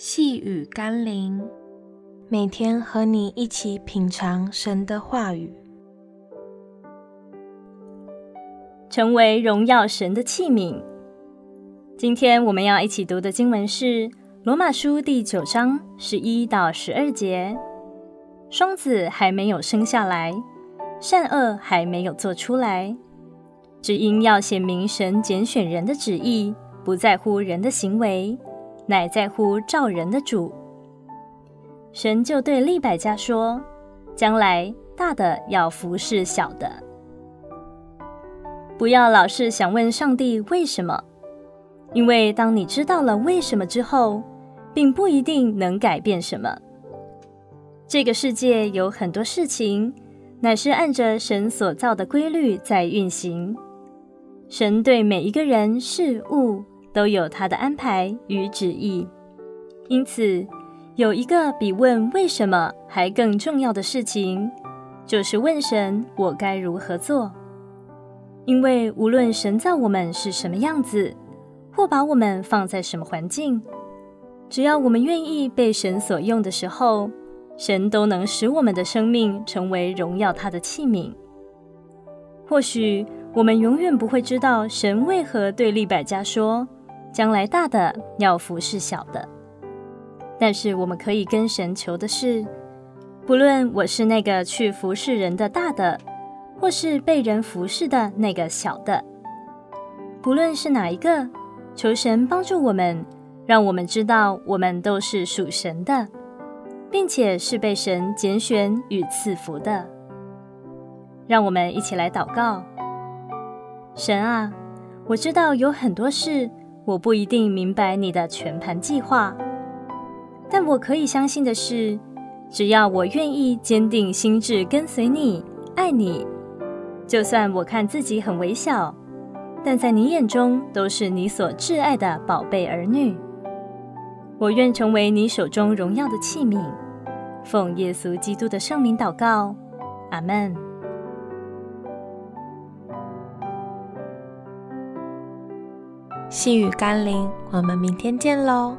細語甘霖，每天和你一起品嘗神的話語，成為榮耀神的器皿。今天我們要一起讀的經文是《羅馬書》第九章十一到十二節。雙子還沒有生下來，善惡還沒有做出來，只因要顯明神揀選人的旨意，不在乎人的行為。乃在乎召人的主，神就對利百加說：“將來大的要服事小的。”不要老是想問上帝為什麼，因為當你知道了為什麼之後，並不一定能改變什麼。這個世界有很多事情，乃是按着神所造的規律在運行，神對每一個人事物，都有他的安排與旨意，因此有一個比問為什麼還更重要的事情，就是問神：我該如何做？因為無論神造我們是什麼樣子，或把我們放在什麼環境，只要我們願意被神所用的時候，神都能使我們的生命成為榮耀他的器皿。或許我們永遠不會知道神為何對利百加說，將來大的要服侍小的，但是我們可以跟神求的是，不論我是那個去服侍人的大的，或是被人服侍的那個小的，不論是哪一個，求神幫助我們，讓我們知道我們都是屬神的，並且是被神揀選與賜福的。讓我們一起來禱告：神啊，我知道有很多事。我不一定明白你的全盤計劃，但我可以相信的是，只要我願意堅定心志跟隨你、愛你，就算我看自己很微小，但在你眼中都是你所摯愛的寶貝兒女。我願成為你手中榮耀的器皿，奉耶穌基督的聖名禱告，阿門。細語甘霖，我們明天見嘍。